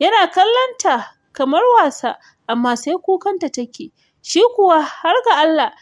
yana kallonta kamar wasa amma sai kukanta take shi kuwa har ga Allah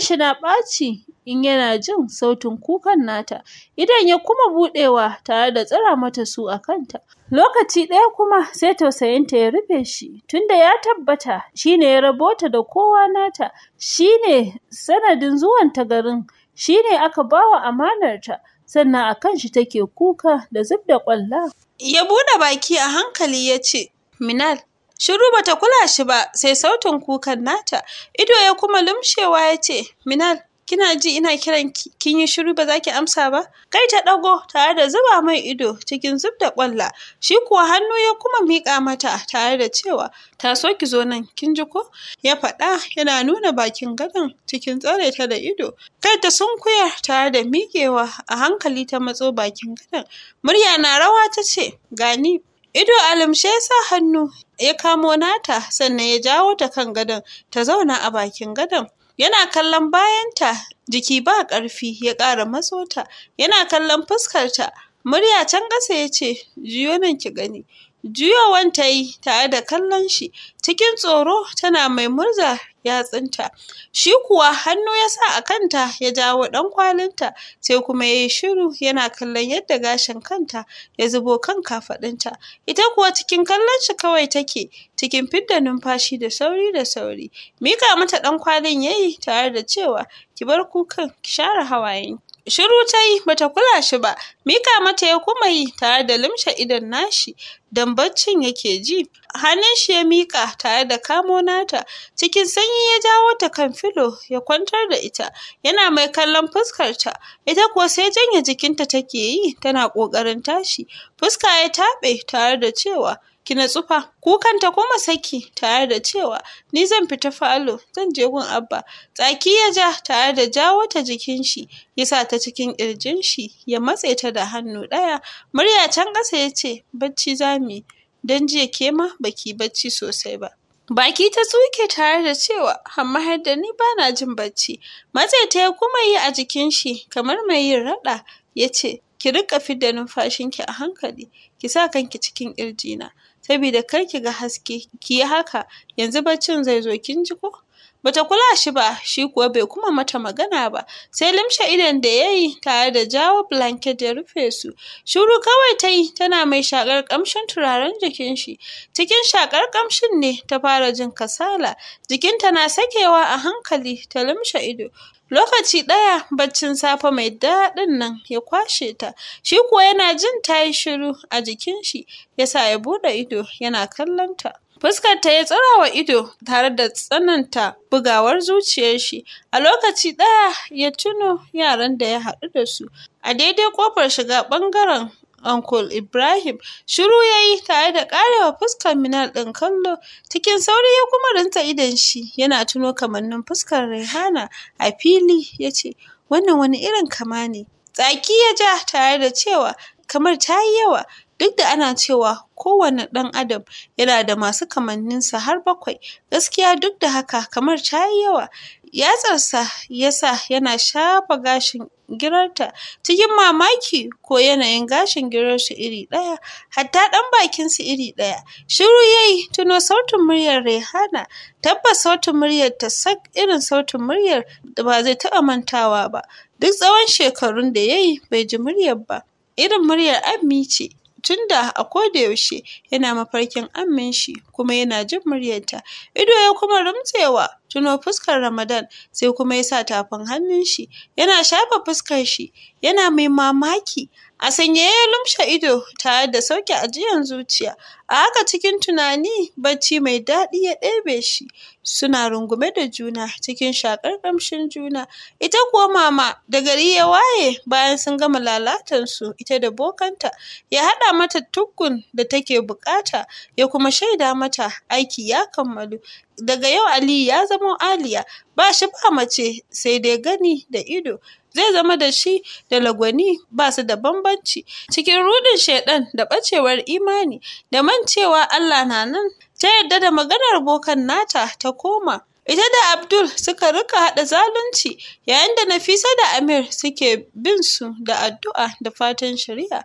shi na ɓaci in yana jin sautin kukan nata idan ya kuma buɗewa tare da tsira mata su a kanta lokaci ɗaya kuma sai tausayinta ya rufe shi tunda ya tabbata shine ya rabota da kowa nata shine sanadin zuwanta garin shine aka bawa amanarta sannan a kan shi take kuka da zub da ƙwalla. Ya buɗe baki a hankali ya ce, Minal, shiru bata kula shi ba sai sautin kukan nata, ido ya kuma lumshewa ya ce, Minal, kina ji ina kiran kin yi shiru ba za ki amsa ba kai ta dago tare da zuba mai ido cikin zub da kwalla shi kuwa hannu ya kuma miƙa mata tare da cewa ta so ki zo nan kin ji ko ya faɗa yana nuna bakin gadon cikin tsare ta da ido kai ta sunkuya tare da miƙewa a hankali ta matso bakin gadon murya na rawa ta ce gani Ido alamshe ya sa hannu ya kamo nata sannan ya jawo ta kan gadon ta zauna a bakin gadon yana kallon bayanta jiki ba ƙarfi ya ƙara matsota. ta yana kallon fuskarta murya can ƙasa ya ce juyo nan ki gani Juyowan ta yi tare da kallon shi cikin tsoro tana mai murza yatsunta. Shi kuwa hannu ya sa a kanta ya jawo ɗan kwalinta sai kuma ya yi shiru yana kallon yadda gashin kanta ya zubo kan kafaɗinta. Ita kuwa cikin kallon shi kawai take cikin fidda numfashi da sauri da sauri. Mika mata ɗan kwalin ya yi tare da cewa ki bar kukan ki share hawayen shiru ta yi bata kula shi ba mika mata ya kuma yi tare da limshe idon nashi dan baccin yake ji hannun shi ya mika tare da kamo nata cikin sanyi ya jawo ta kan filo ya kwantar da ita yana mai kallon fuskar ta ita kuwa sai janye jikinta take yi tana kokarin tashi fuska ya taɓe tare da cewa ki tsufa fa kukanta kuma saki tare da cewa ni zan fita falo zan je gun abba tsaki ya ja tare da jawo ta jikin shi ya sa ta cikin kirjin shi ya matse ta da hannu ɗaya murya can ƙasa ya ce bacci za mu yi don jiya ke ma baki bacci sosai ba Baki ta tsuke tare da cewa amma har da ni bana jin bacci. Matse ta ya kuma yi a jikin shi kamar mai yin raɗa ya ce, Ki riƙa fidda numfashinki a hankali, ki sa kanki cikin ƙirjina. saboda kar ki ga haske ki yi haka yanzu baccin zai zo kin ji ko bata kula shi ba shi kuwa bai kuma mata magana ba sai limshe idon da ya yi tare da jawo blanket ya rufe su shuru kawai ta yi tana mai shakar kamshin turaren jikin shi cikin shakar kamshin ne ta fara jin kasala jikinta na sakewa a hankali ta limshe ido Lokaci ɗaya baccin safe mai daɗin nan ya kwashe ta, shi kuwa yana jin ta yi shiru a jikin shi, ya sa ya buɗe ido yana kallon ta. Fuskarta ya tsira wa ido tare da tsananta bugawar zuciyar shi. A lokaci ɗaya ya tuno yaran da ya haɗu da su a daidai ƙofar shiga ɓangaren Uncle Ibrahim shiru ya yi tare da karewa fuskar Minal ɗin kallo, cikin sauri ya kuma rinta idon shi yana tuno kamannin fuskar Rihanna a fili ya ce, Wannan wani irin kama ne, tsaki ya ja tare da cewa kamar ta yi yawa duk da ana cewa kowane ɗan adam yana da masu kamanninsa har bakwai gaskiya duk da haka kamar ta yi yawa yatsarsa ya sa yana shafa gashin girarta cikin mamaki ko yanayin gashin girarsu iri ɗaya hatta ɗan bakinsu iri ɗaya shiru yayi tuno sautin muryar Rehana tabbas sautin muryar ta sak irin sautin muryar da ba zai taɓa mantawa ba duk tsawon shekarun da yayi bai ji muryar ba irin muryar ammi ce tunda a koda yaushe yana mafarkin amin shi kuma yana jin muryarta. Ido ya kuma rumtsewa tuno fuskar Ramadan sai kuma ya sa tafin hannun shi yana shafa fuskar shi yana mai mamaki a sanye ya lumshe ido tare da sauke ajiyan zuciya a haka cikin tunani bacci mai daɗi ya ɗebe shi suna rungume da juna cikin shakar ƙamshin juna ita kuwa mama da gari ya waye bayan sun gama lalatansu ita da bokanta ya haɗa mata tukun da take buƙata ya kuma shaida mata aiki ya kammalu daga yau aliyu ya zama aliya ba shi ba mace sai dai gani da ido zai zama da shi da lagwani ba su da bambanci cikin rudin shaidan da bacewar imani da mancewa Allah na nan ta yarda da maganar bokan nata ta koma ita da Abdul suka rika haɗa zalunci yayin da Nafisa da Amir suke bin su da addu'a da fatan shari'a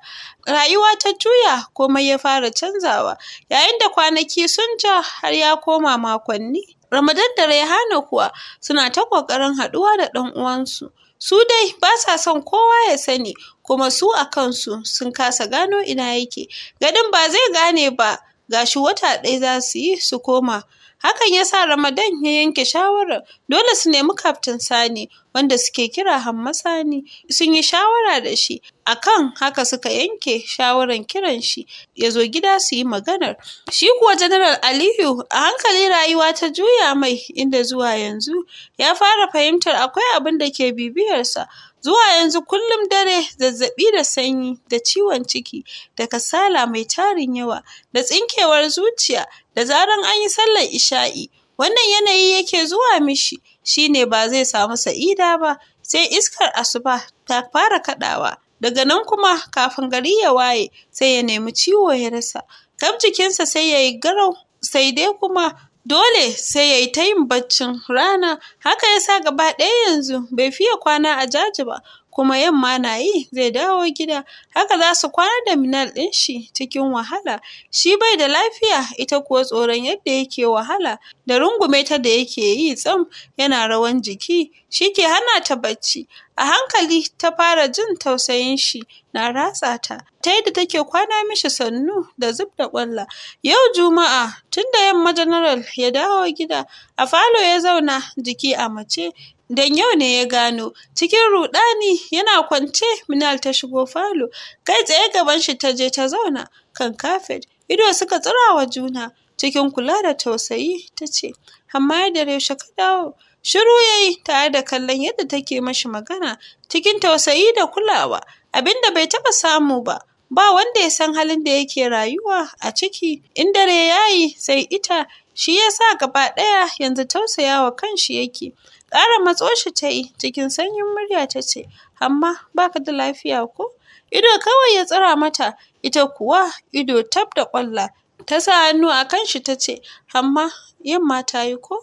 rayuwa ta juya komai ya fara canzawa yayin da kwanaki sun ja har ya koma makonni Ramadan da Rehana kuwa suna ta ƙoƙarin haɗuwa da ɗan uwansu. Su dai ba sa son kowa ya sani, kuma su a kansu sun kasa gano ina yake. Gadin ba zai gane ba, gashi wata ɗaya za su yi su koma. Hakan ya sa Ramadan ya yanke shawarar dole su nemi Kaftin Sani wanda suke kira Hamma Sani sun yi shawara da shi akan haka suka yanke shawarar kiran shi ya zo gida su yi maganar. Shi kuwa Janaral Aliyu a hankali rayuwa ta juya mai inda zuwa yanzu ya fara fahimtar akwai abin da ke bibiyarsa Zuwa yanzu kullum dare zazzaɓi da sanyi da ciwon ciki da kasala mai tarin yawa da tsinkewar zuciya da zaran an yi sallar isha'i wannan yanayi yake zuwa mishi shine ba zai samu sa'ida ba sai iskar asuba ta fara kaɗawa daga nan kuma kafin gari ya waye sai ya nemi ciwo ya rasa kam jikinsa sai ya yi garau sai dai kuma dole sai ya yi ta yin baccin rana, haka ya sa gaba ɗaya yanzu bai fiye kwana a jaji ba, kuma yamma na yi zai dawo gida haka za su kwana da minal ɗin shi cikin wahala shi bai da lafiya ita kuwa tsoron yadda yake wahala da rungume ta da yake yi tsam yana rawan jiki shi ke hana ta bacci a hankali ta fara jin tausayin shi na ratsa ta ta yadda take kwana mishi sannu da zub da ƙwalla yau juma'a tunda yamma general ya dawo gida a falo ya zauna jiki a mace Dan yau ne ya gano, cikin ruɗani yana kwance Minal ta shigo falo, kai tsaye gaban shi ta je ta zauna kan kafet, ido suka tsira wa juna cikin kula da tausayi ta ce, amma da yaushe ka dawo. Shiru ya yi tare da kallon yadda take mashi magana cikin tausayi da kulawa, abinda bai taɓa samu ba. ba wanda ya san halin da yake rayuwa a ciki in dare yayi sai ita shi yasa gaba ɗaya yanzu tausayawa kanshi yake ƙara matso shi ta yi cikin sanyin murya ta ce amma baka da lafiya ko ido kawai ya tsira mata ita kuwa ido tab da ƙwalla ta sa hannu a kan shi ta ce amma yamma ta yi ko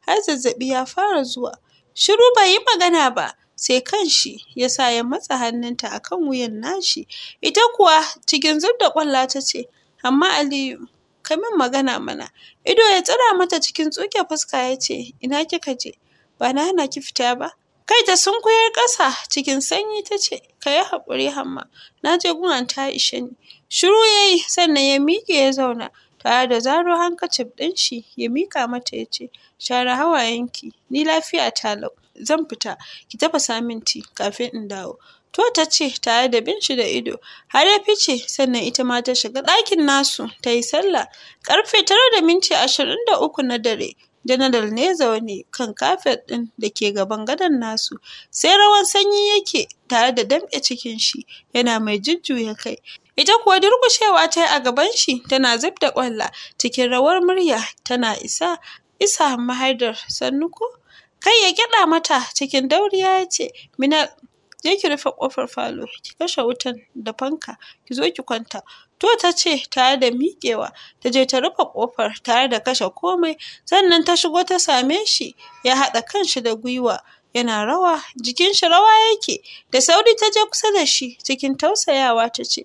har zazzaɓi ya fara zuwa shiru bai yi magana ba sai kanshi ya sa ya matsa hannunta a kan wuyan nashi ita kuwa cikin zub da kwalla ta ce amma aliyu ka min magana mana ido ya tsira mata cikin tsuke fuska ya ce ina kika je ba na hana ki fita ba kai ta sun kuyar ƙasa cikin sanyi ta ce ka yi haƙuri hamma na je gunan ta ishe ni shiru ya yi sannan ya miƙe ya zauna tare da zaro hankacif ɗin shi ya miƙa mata ya ce share hawayenki ni lafiya ta lau zan fita ki tafasa min ti kafin in dawo to ta ce tare da bin shi da ido har ya fice sannan ita ma ta shiga ɗakin nasu ta yi sallah karfe tara da minti ashirin da uku na dare Janaral ne zaune kan kafet ɗin da ke gaban gadon nasu, sai rawan sanyi yake tare da damƙe cikin shi, yana mai jujjuya kai. Ita kuwa durƙushewa ta yi a gaban shi tana zub da ƙwalla cikin rawar murya tana isa, isa mahaidar sannu ko? kai ya gyaɗa mata cikin dauriya ya ce mina je ki rufe ƙofar falo ki kashe wutan da fanka ki zo ki kwanta to ta ce tare da miƙewa ta je ta rufe ƙofar tare da kashe komai sannan ta shigo ta same shi ya haɗa kanshi da gwiwa yana rawa jikin shi rawa yake da sauri ta je kusa da shi cikin tausayawa ta ce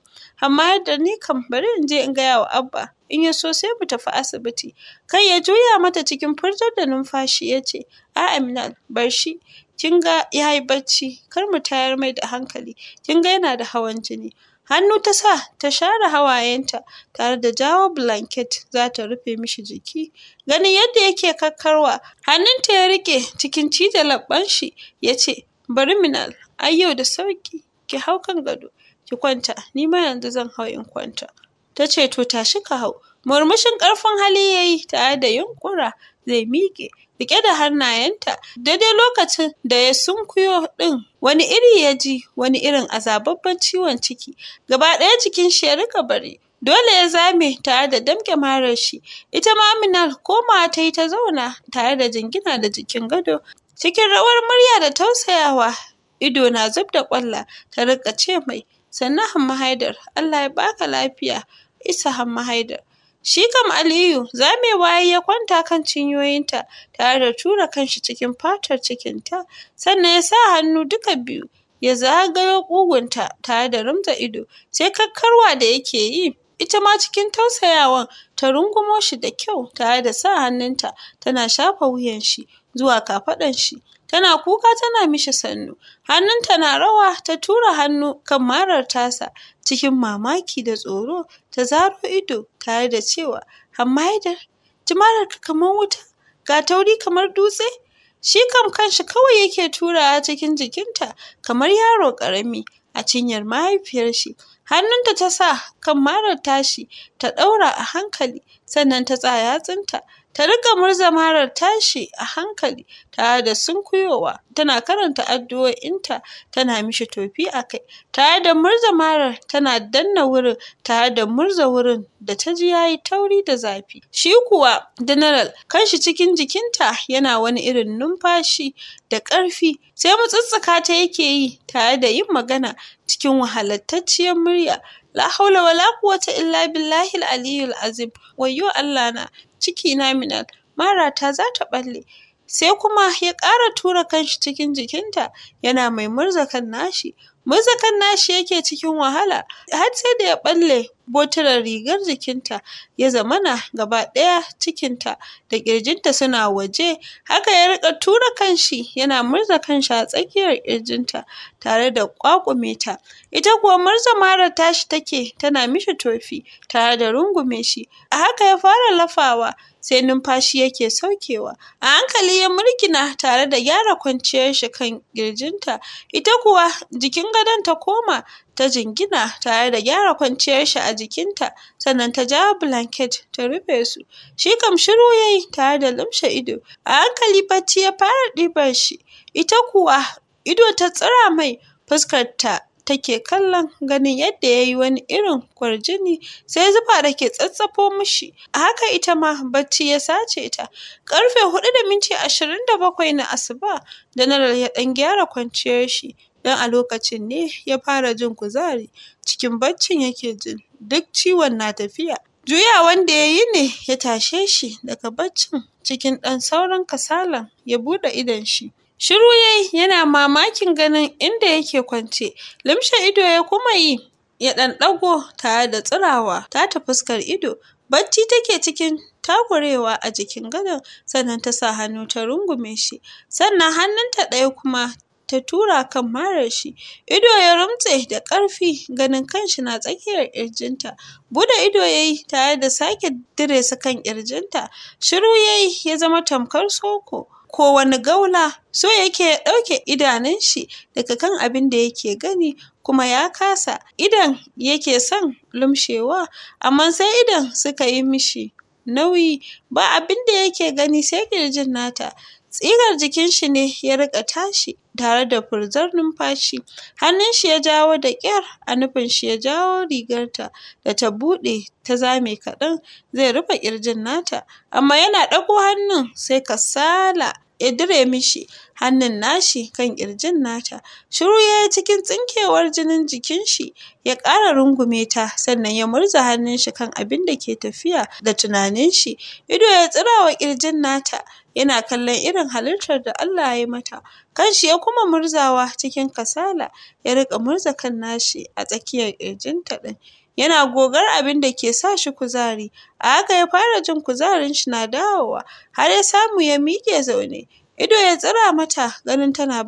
amma yadda ni kam bari in je in gaya wa abba in ya so sai mu tafi asibiti kai ya juya mata cikin furtar da numfashi ya ce a aminal bar shi kin ga ya yi bacci kar mu tayar mai da hankali kin ga yana da hawan jini Hannu ta sa ta share hawayenta tare da jawo blanket za ta rufe mishi jiki. Ganin yadda yake kakkarwa, hannunta ya rike cikin cije labban shi ya ce, Bari Minal, ai da sauki, ki hau kan gado, ki kwanta, ni ma yanzu zan hau in kwanta. Ta ce, To tashi ka hau. Murmushin ƙarfin hali yayi yi tare da yunƙura zai miƙe. Rike da hannayenta daidai lokacin da ya sunkuyo din, wani iri ya ji wani irin azababban ciwon ciki gaba ɗaya jikin shi ya rika bari dole ya zame tare da damke marar shi ita ma Aminat komawa ta yi ta zauna tare da jingina da jikin gado cikin rawar murya da tausayawa ido na zub da kwalla ta rika ce mai sannan Hamma Haidar Allah ya baka lafiya isa Hamma Haidar Shi kam Aliyu zamewa ya ya kwanta kan cinyoyinta tare da tura kanshi cikin fatar cikin ta sannan ya sa hannu duka biyu ya zagayo ƙugunta tare da rumta ido, sai kakkarwa da yake yi. Ita ma cikin tausayawan ta rungumo shi da kyau tare da sa hannunta tana shafa wuyan shi zuwa kafaɗan shi. tana kuka tana mishi sannu hannunta na rawa ta tura hannu kan marar tasa cikin mamaki da tsoro ta zaro ido tare da cewa amma ji marar ka kamar wuta ga tauri kamar dutse shi kam kanshi kawai yake turawa cikin jikinta kamar yaro karami a cinyar mahaifiyar shi hannunta ta sa kan marar tashi ta ɗaura a hankali sannan ta tsaya yatsunta Ta rika murza marar tashi a hankali tare da sunkuyowa, tana karanta addu'o'inta, tana mishi tofi a kai, tare da murza marar tana danna wurin tare da murza wurin da ta ji yayi tauri da zafi. Shi kuwa General kanshi cikin jikinta yana wani irin numfashi da ƙarfi, sai mutsutsuka ta yake yi tare da yin magana cikin wahalatacciyar murya la haula wala quwwata illa billahi al-aliyyul azim wayyo Allah na ciki na minal mara ta za ta balle sai kuma ya ƙara tura kanshi cikin jikinta yana mai murzakan nashi murzakan nashi yake cikin wahala har sai da ya balle botunan rigar jikinta ya zamana gaba ɗaya cikinta da ƙirjinta suna waje haka ya rika tura kanshi yana murza kanshi a tsakiyar ƙirjinta tare da ƙwaƙume ta ita kuwa murza mara tashi take tana mishi tofi tare da rungume shi a haka ya fara lafawa sai numfashi yake saukewa a hankali ya murgina tare da gyara kwanciyar shi kan ƙirjinta ita kuwa jikin gadon ta koma ta jingina tare da gyara kwanciyar shi a jikinta sannan ta ja blanket ta rufe su shi kam shiru yayi tare da lumshe ido a hankali bacci ya fara ɗiban shi ita kuwa ido ta tsira mai fuskar ta take kallon ganin yadda yayi wani irin kwarjini sai zuba da ke tsatsafo mishi a haka ita ma bacci ya sace ta karfe hudu da minti ashirin da bakwai na asuba janaral ya dan gyara kwanciyar shi don a lokacin ne ya fara jin kuzari, cikin baccin yake jin duk ciwon na tafiya. Juya wanda ya yi ne ya tashe shi daga baccin cikin ɗan sauran kasalan ya buɗe idon shi. Shiru yayi yana mamakin ganin inda yake kwance, lumshe ido ya kuma yi ya ɗan ɗago tare da tsirawa ta ta fuskar ido. Bacci take cikin takurewa a jikin gadon sannan ta sa hannu ta rungume shi sannan hannun ta ɗaya kuma ta tura kan mara shi, ido ya rumtse da ƙarfi ganin kanshi na tsakiyar ƙirjinta, bude ido yayi tare da sake diresa kan ƙirjinta, shiru yayi ya zama tamkar soko. ko wani gaula so yake ya ɗauke idanun shi daga kan abin da yake gani kuma ya kasa idan yake son lumshewa amma sai idan suka yi mishi nauyi ba abin da yake gani sai kirjin nata tsigar jikin shi ne ya riƙa tashi tare da furzar numfashi hannun shi ya jawo da ƙyar a nufin shi ya jawo rigar ta, da ta buɗe ta zame kaɗan zai rufe ƙirjin nata amma yana ɗago hannun sai kasala ya mishi hannun nashi kan kirjin nata. Shiru yayi cikin tsinkewar jinin jikin shi, ya ƙara rungume ta, sannan ya murza hannun shi kan abin da ke tafiya da tunanin shi. Ido ya tsira wa kirjin nata, yana kallon irin halittar da Allah ya yi mata. shi ya kuma murzawa cikin kasala, ya riƙa murza kan nashi a tsakiyar ƙirjinta ɗin. yana gogar abin da ke sa shi kuzari. A haka ya fara jin kuzarin shi na dawowa, har ya samu ya miƙe zaune. Ido ya tsira mata ganin tana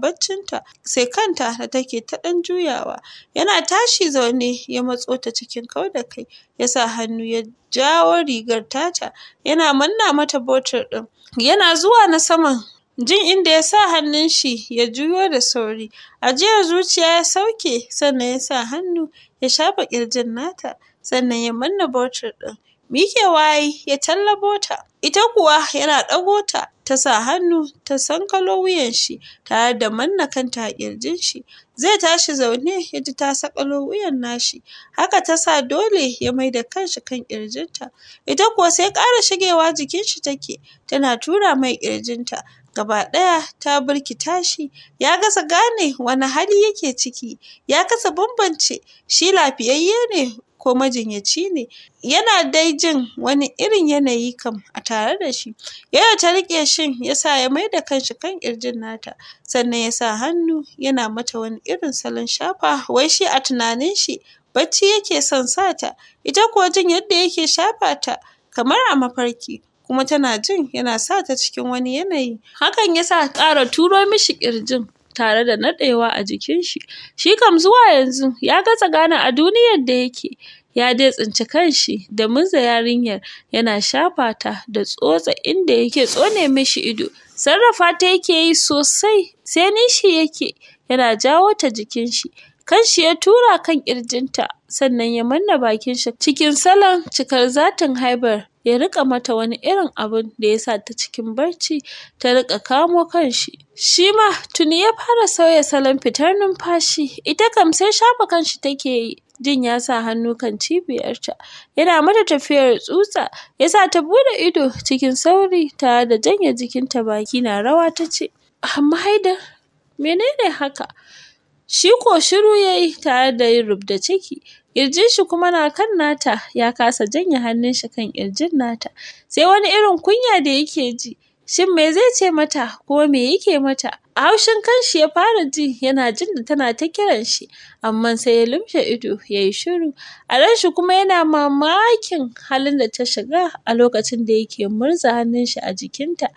ta sai kanta da take ta ɗan juyawa. Yana tashi zaune ya matso ta cikin kau kai, ya sa hannu ya jawo rigar tata, yana manna mata botir ɗin. Yana zuwa na saman jin inda ya sa hannun shi ya juyo da sauri. Ajiyar zuciya ya sauke sannan ya sa hannu ya shafa ƙirjin nata sannan ya manna botir ɗin. Mikewa ya tallabo ta, ita kuwa yana ɗago ta, ta sa hannu ta sankalo wuyan shi tare da manna kanta a ƙirjin shi. Zai tashi zaune ya ji ta sakalo wuyan nashi, haka ta sa dole ya mai da kanshi kan ƙirjinta. Ita kuwa sai ƙara shigewa jikin shi take, tana tura mai ƙirjinta. gaba ɗaya ta birkita shi ya gasa gane wani hali yake ciki ya kasa bambance shi lafiyayye ne ko majinyaci ne yana dai jin wani irin yanayi kam a tare da shi Yana ta rike shin yasa ya maida kanshi kan kirjin nata sannan ya sa hannu yana mata wani irin salon shafa wai shi a tunanin shi bacci yake son sata ita kuwa jin yadda yake shafa ta kamar a mafarki kuma tana jin yana sa ta cikin wani yanayi. Hakan ya sa ƙara turo mishi ƙirjin tare da naɗewa a jikin shi. Shi kam zuwa yanzu ya gaza gane a duniyar da yake. Ya dai tsinci kanshi da murza yarinyar yana shafa ta da tsotsa inda yake tsone mishi ido. Sarrafa ta yake yi sosai sai nishi yake yana jawo ta jikin shi. Kanshi ya tura kan ƙirjinta sannan ya manna bakin shi cikin salon cikar zatin haibar ya riƙa mata wani irin abun da ya sa ta cikin barci ta riƙa kamo kanshi. Shi ma tuni ya fara sauya salon fitar numfashi, ita kam sai shafa kanshi take yi. Jin ya sa hannu kan cibiyarta, yana mata tafiyar tsutsa, ya sa ta buɗe ido cikin sauri tare da janye jikinta baki na rawa ta ce, Amma Haidar, menene haka? Shi ko shiru yayi tare da yin rubda ciki, ƙirjin shi kuma na kan nata, ya kasa janye hannun shi kan ƙirjin nata, sai wani irin kunya da yake ji. Shin me zai ce mata ko me yake mata? A haushin kanshi ya fara ji yana jin da tana ta kiran shi, amma sai ya lumshe ido ya yi shiru. A ran shi kuma yana mamakin halin da ta shiga a lokacin da yake murza hannun shi a jikinta.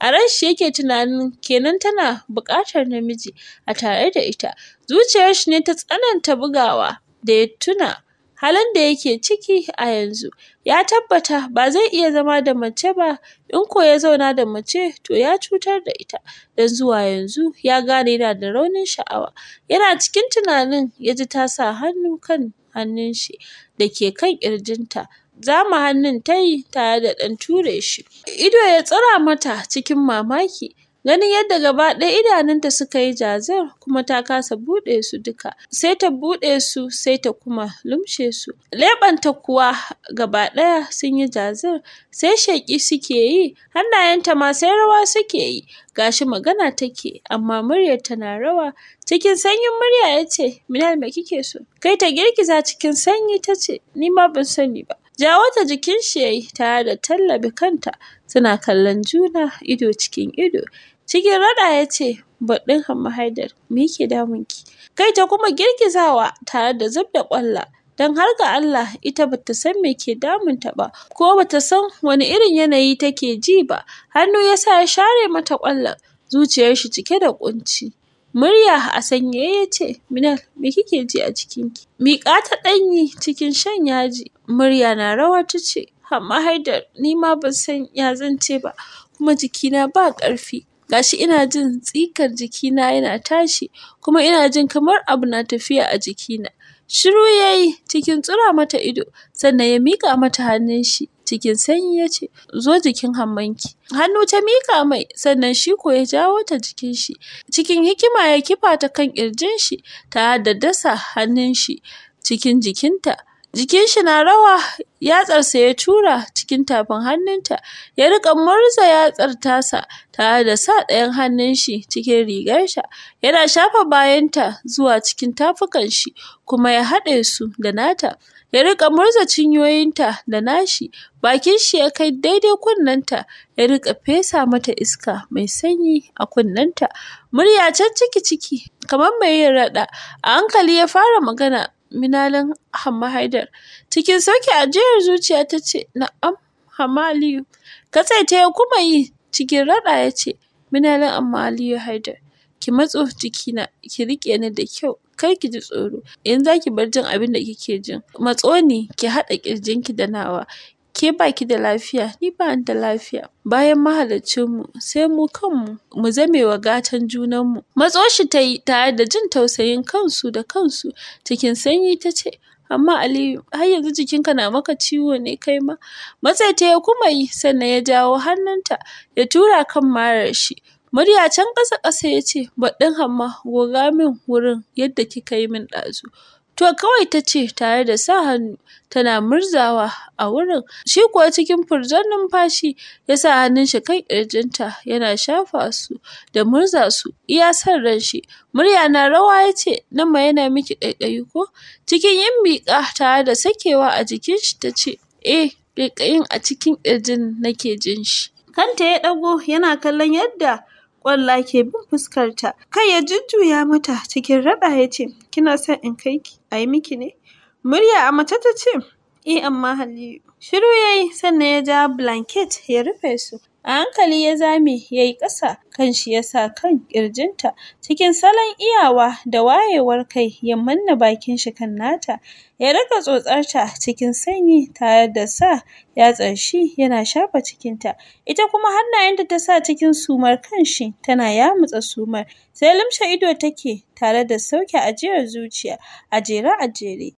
A ran shi yake tunanin kenan tana buƙatar namiji a tare da ita. Zuciyar shi ne ta tsananta bugawa da ya tuna halin da yake ciki a yanzu. Ya tabbata ba zai iya zama da mace ba, in ko ya zauna da mace to ya cutar da ita, don zuwa yanzu ya gane yana da raunin sha'awa. Yana cikin tunanin ya ji ta sa hannu kan hannun shi da ke kan ƙirjinta. Zama hannun ta yi tare da ɗan ture shi. Ido ya tsira mata cikin mamaki. Ganin yadda gaba ɗaya idanunta suka yi jazir kuma ta kasa buɗe su duka, sai ta buɗe su sai ta kuma lumshe su. Leɓanta kuwa gaba ɗaya sun yi jazir, sai sheƙi suke yi, hannayenta ma sai rawa suke yi. Gashi magana take, amma muryar tana rawa. Cikin sanyin murya ya ce, Minal me kike so? Kai ta girgiza cikin sanyi ta ce, Ni ma ban sani ba. ja wata jikin shi yayi tare da tallabe kanta suna kallon juna ido cikin ido. Cikin raɗa ya ce, baɗin amma Haidar, me yake damun ki? Kai ta kuma girgizawa tare da zub da ƙwalla. Don har ga Allah ita bata san me ke damun ta ba, ko bata san wani irin yanayi take ji ba. Hannu ya sa ya share mata ƙwallon, zuciyar shi cike da ƙunci. Murya a sanyaye ya ce, "Minal, me kike ji a cikinki?" Miƙa ta ɗanyi cikin shan yaji. Murya na rawa ta ce, "Amma Haidar, ni ma ban san ya zan ce ba, kuma jikina ba ƙarfi. Gashi ina jin tsikar jikina yana tashi, kuma ina jin kamar abu na tafiya a jikina." Shiru ya yi cikin tsura mata ido, sannan ya miƙa mata hannun shi cikin sanyi ya ce, Zo jikin hammanki. Hannu ta mika mai, sannan shi ko ya jawo ta jikin shi. Cikin hikima ya kifa ta kan ƙirjin shi, ta da dasa hannun shi cikin jikinta. Jikin shi na rawa, yatsar sa ya tura cikin tafin hannunta, ya rika murza yatsar tasa ta da sa ɗayan hannun shi cikin rigar sa yana shafa bayanta zuwa cikin tafukan shi kuma ya haɗe su da nata. ya riƙa murza cinyoyinta da nashi bakin shi ya kai daidai kunnenta ya riƙa fesa mata iska mai sanyi a kunnenta murya can ciki ciki kamar mai yin raɗa a hankali ya fara magana minalin hamma haidar cikin sauki ajiyar zuciya ta ce na'am hamma aliyu ya kuma yi cikin raɗa ya ce minalin amma aliyu haidar ki matso jikina ki riƙe ni da kyau kar ki ji tsoro yanzu ki bar jin abin da kike jin matsoni ki haɗa ƙirjin ki da nawa ke baki da lafiya ni ba da lafiya bayan mu sai mu kanmu mu zame wa gatan junanmu matso shi ta yi tare da jin tausayin kansu da kansu cikin sanyi ta ce amma Aliyu har yanzu jikinka na maka ciwo ne kai ma matsaita ya kuma yi sannan ya jawo hannunta ya tura kan marar shi Murya can ƙasa-ƙasa ya ce, hamma goga min wurin yadda kika yi min ɗazu. To kawai ta ce tare da sa hannu tana murzawa a wurin, shi kuwa cikin furjan numfashi ya sa hannun shi kan ƙirjinta yana shafa su da murza su iya son ran shi. Murya na rawa ya ce, ma yana miki ƙaiƙayi ko? Cikin yin miƙa tare da sakewa a jikin shi ta ce, Eh, ƙaiƙayin a cikin ƙirjin nake jin shi. Kanta ya ɗago yana kallon yadda kwallo ke bin fuskar ta. Kai ya jujjuya mata cikin raɗa ya ce, kina son in kai ki a yi miki ne? Murya a mace ta ce, eh amma Halilu. Shiru ya yi sannan ya ja blanket ya rufe su. A hankali ya zame yayi ƙasa, kanshi ya sa kan ƙirjinta, cikin salon iyawa da wayewar kai ya manna bakin shi kan nata, ya riƙa ta cikin sanyi tare da sa yatsar shi yana shafa cikinta, ita kuma hannayenta ta sa cikin sumar kan shi tana yamutsa sumar, sai lumshe ido take tare da sauke ajiyar zuciya a jere a jere.